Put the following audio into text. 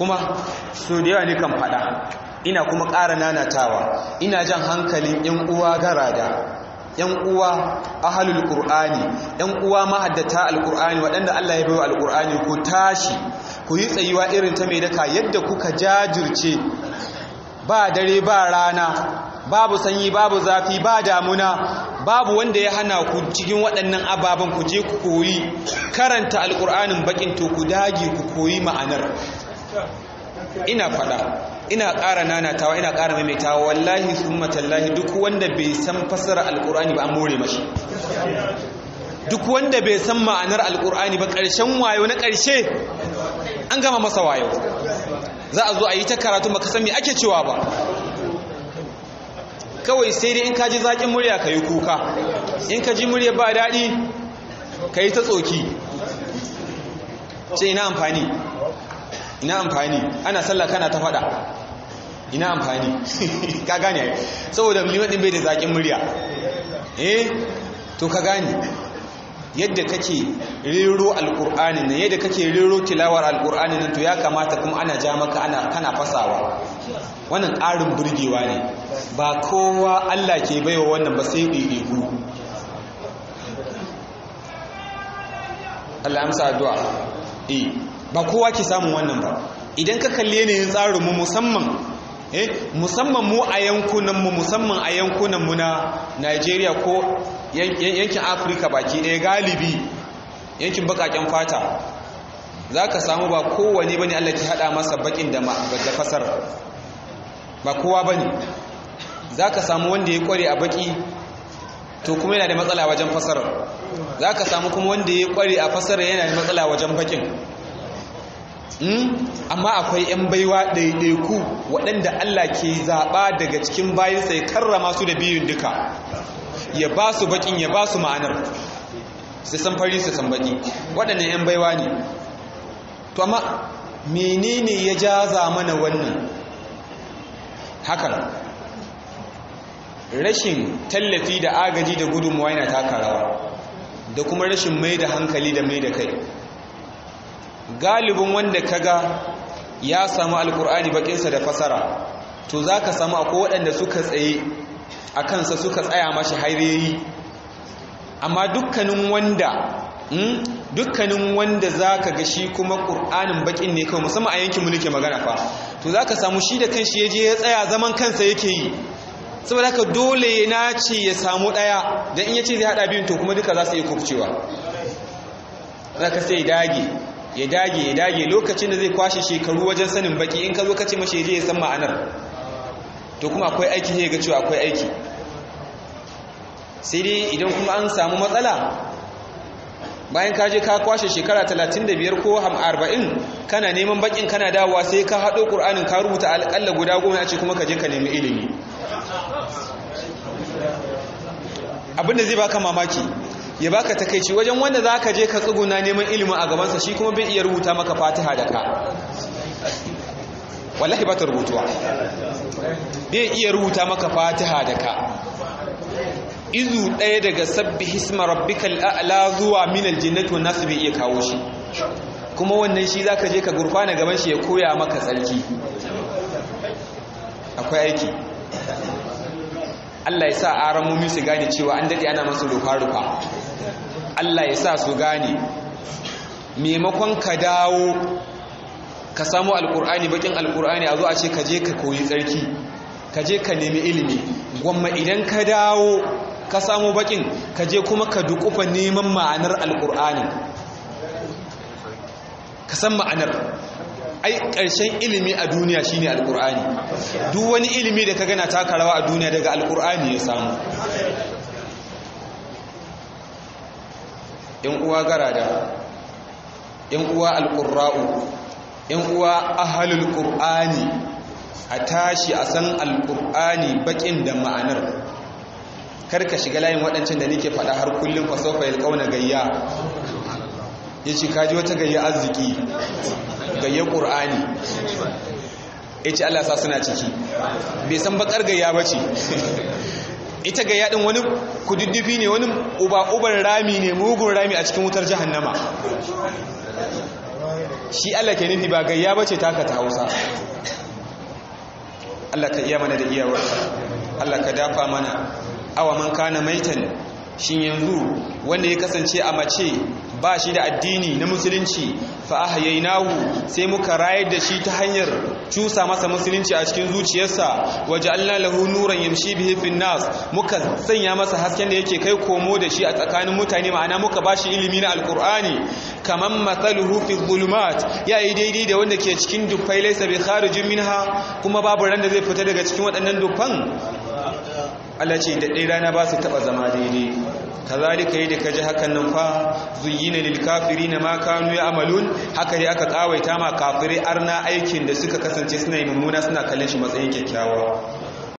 kuma su da yawa ne kan faɗa ina kuma ƙara nanatawa ina jan hankalin 'yan uwa garada ‘yan uwa ahalul ƙur'ani ‘yan uwa mahaddata alƙur'ani waɗanda Allah ya baiwa alƙur'ani ku tashi ku yi tsayuwa irin ta mai daka yadda kuka jajirce ba dare ba rana babu sanyi babu zafi ba damuna babu wanda ya hana ku cikin waɗannan ababen ku je ku koyi karanta alƙur'anin bakin to ku dage ku koyi ma'anar ina fada ina ƙara nanatawa ina ƙara maimaitawa wallahi summa tallahi duk wanda bai san fasara Alƙur'ani ba an more mashi duk wanda bai san ma'anar Alƙur'ani ba ƙarshen wayo na ƙarshe an gama masa wayo za a zo a yi ta karatu baka san me ake cewa ba kawai sai dai in ka ji zaƙin murya ka yi kuka in ka ji murya ba daɗi ka yi ta tsoki ce ina amfani ina amfani ana sallah kana ta fada ina amfani ka gane saboda mu yi bai da zakin murya eh to ka gane yadda kake rero alqur'ani ne yadda kake rero tilawar alqur'ani na, to ya kamata kuma ana ja maka ana kana fasawa wannan ƙarin burgewa ne ba kowa Allah ke baiwa wannan ba sai e Allah amsa addu'a eh ba kowa ke samun wannan ba idan ka kalli yanayin tsarin mu musamman eh musamman mu a yankunan mu musamman a yankunan mu na Najeriya ko yankin Afirka baki ɗaya galibi yankin bakaken fata zaka samu ba kowane bane Allah ke hada masa bakin da da fasar ba kowa bane zaka samu wanda ya kware a baki to kuma yana da matsala wajen fasarar za ka samu kuma wanda ya kware a fasarar yana da matsala wajen bakin Hmm? amma akwai 'yan baiwa ɗaiɗaiku waɗanda Allah ke zaɓa daga cikin bayansa ya karrama su da biyun duka ya ba su baƙin ya ba su ma'anar su san fari su san baƙi waɗannan 'yan baiwa ne to amma menene ya jaza mana wannan hakan rashin tallafi da agaji da gudunmuwa yana taka da kuma rashin mai da hankali da mai da kai galibin wanda kaga ya samu alkur'ani bakinsa da fasara to za ka samu akwai waɗanda suka tsaye a kansa suka tsaya mashi hairayi amma dukkanin wanda hmm, dukkanin wanda za ka ga shi kuma ƙur'anin bakin ne kawai musamman a yankin mulki magana fa to za ka samu shi da kanshi ya je ya tsaya zaman kansa yake yi saboda haka dole na ce ya samu ɗaya da in ya ce zai haɗa biyun to kuma duka za su iya kubcewa za ka sai dage ya dage ya dage lokacin da zai kwashe shekaru wajen sanin baki in ka zo ka ce mashi je ya san ma'anar to kuma akwai aiki ne ga cewa akwai aiki sai dai idan kuma an samu matsala bayan ka je ka kwashe shekara talatin da biyar ko 40 kana neman bakin kana dawowa sai ka haɗo ƙur'anin ka rubuta alƙalla guda goma a ce kuma ka je ka nemi ilimi abinda zai baka mamaki ya baka takeici wajen wanda zaka je ka tsuguna neman ilimin a gabansa shi kuma bai iya rubuta maka fatiha da ka wallahi ba ta rubutuwa bai iya rubuta maka fatiha da ka izu ɗaya daga sabbi hisma rabbikal a'la zuwa minal jinnati wan nasu bai iya kawo shi kuma wannan shi zaka je ka gurfana gaban shi ya koya maka tsarki akwai aiki Allah ya sa aramomi su gane cewa an dade ana masu rufa rufa Allah ya sa su gane maimakon ka dawo ka samu alkur'ani bakin alkur'ani a zo a ce ka je ka koyi tsarki ka je ka nemi ilimi gwamma idan ka dawo ka samu bakin ka je kuma ka dukufa neman ma'anar alkur'ani ka san ma'anar ai ƙarshen ilimi a duniya shine alkur'ani duk wani ilimi da ka gana taka rawa a duniya daga alkur'ani ya samu yan uwa garada yan uwa alqurra'u yan uwa ahlul ƙur'ani a tashi a san alƙur'ani baƙin da ma'anar karka shiga layin waɗancan da nake faɗa har kullum fasofa ya ƙauna gayya ya ce kaji wata gayya arziki gayya ƙur'ani ya ce allah suna ciki bai san baƙar gayya ba ce ita ga yadin wani kududdufi ne wani uba-uban rami ne mugun rami a cikin wutar jahannama shi Allah ke nufi ba gayya bace taka ta Hausa Allah ka iya mana da iyawar Allah ka dafa mana awa man kana maitan shin yanzu wanda ya kasance a mace ba shi da addini na musulunci fa nahu sai muka rayar da shi ta hanyar cusa masa musulunci a cikin zuciyarsa waje. lahu nuran yamshi bihi fin nas muka sanya masa hasken da yake kai komo da shi a tsakanin mutane ma'ana muka bashi ilimi na alqur'ani kaman mathaluhu fi dhulumat ya yi daidai da wanda ke cikin dufai laysa bi kharijin minha kuma babu ran da zai fita daga cikin waɗannan dufan Allah ce da ɗaya rana ba su taɓa zama daidai ka kazalika da ka ji hakan nan fa na lil na ma kanu amalun haka dai aka kawaita ma kafiri arna aikin da suka kasance suna yi mummuna suna kallon shi matsayin kyakkyawa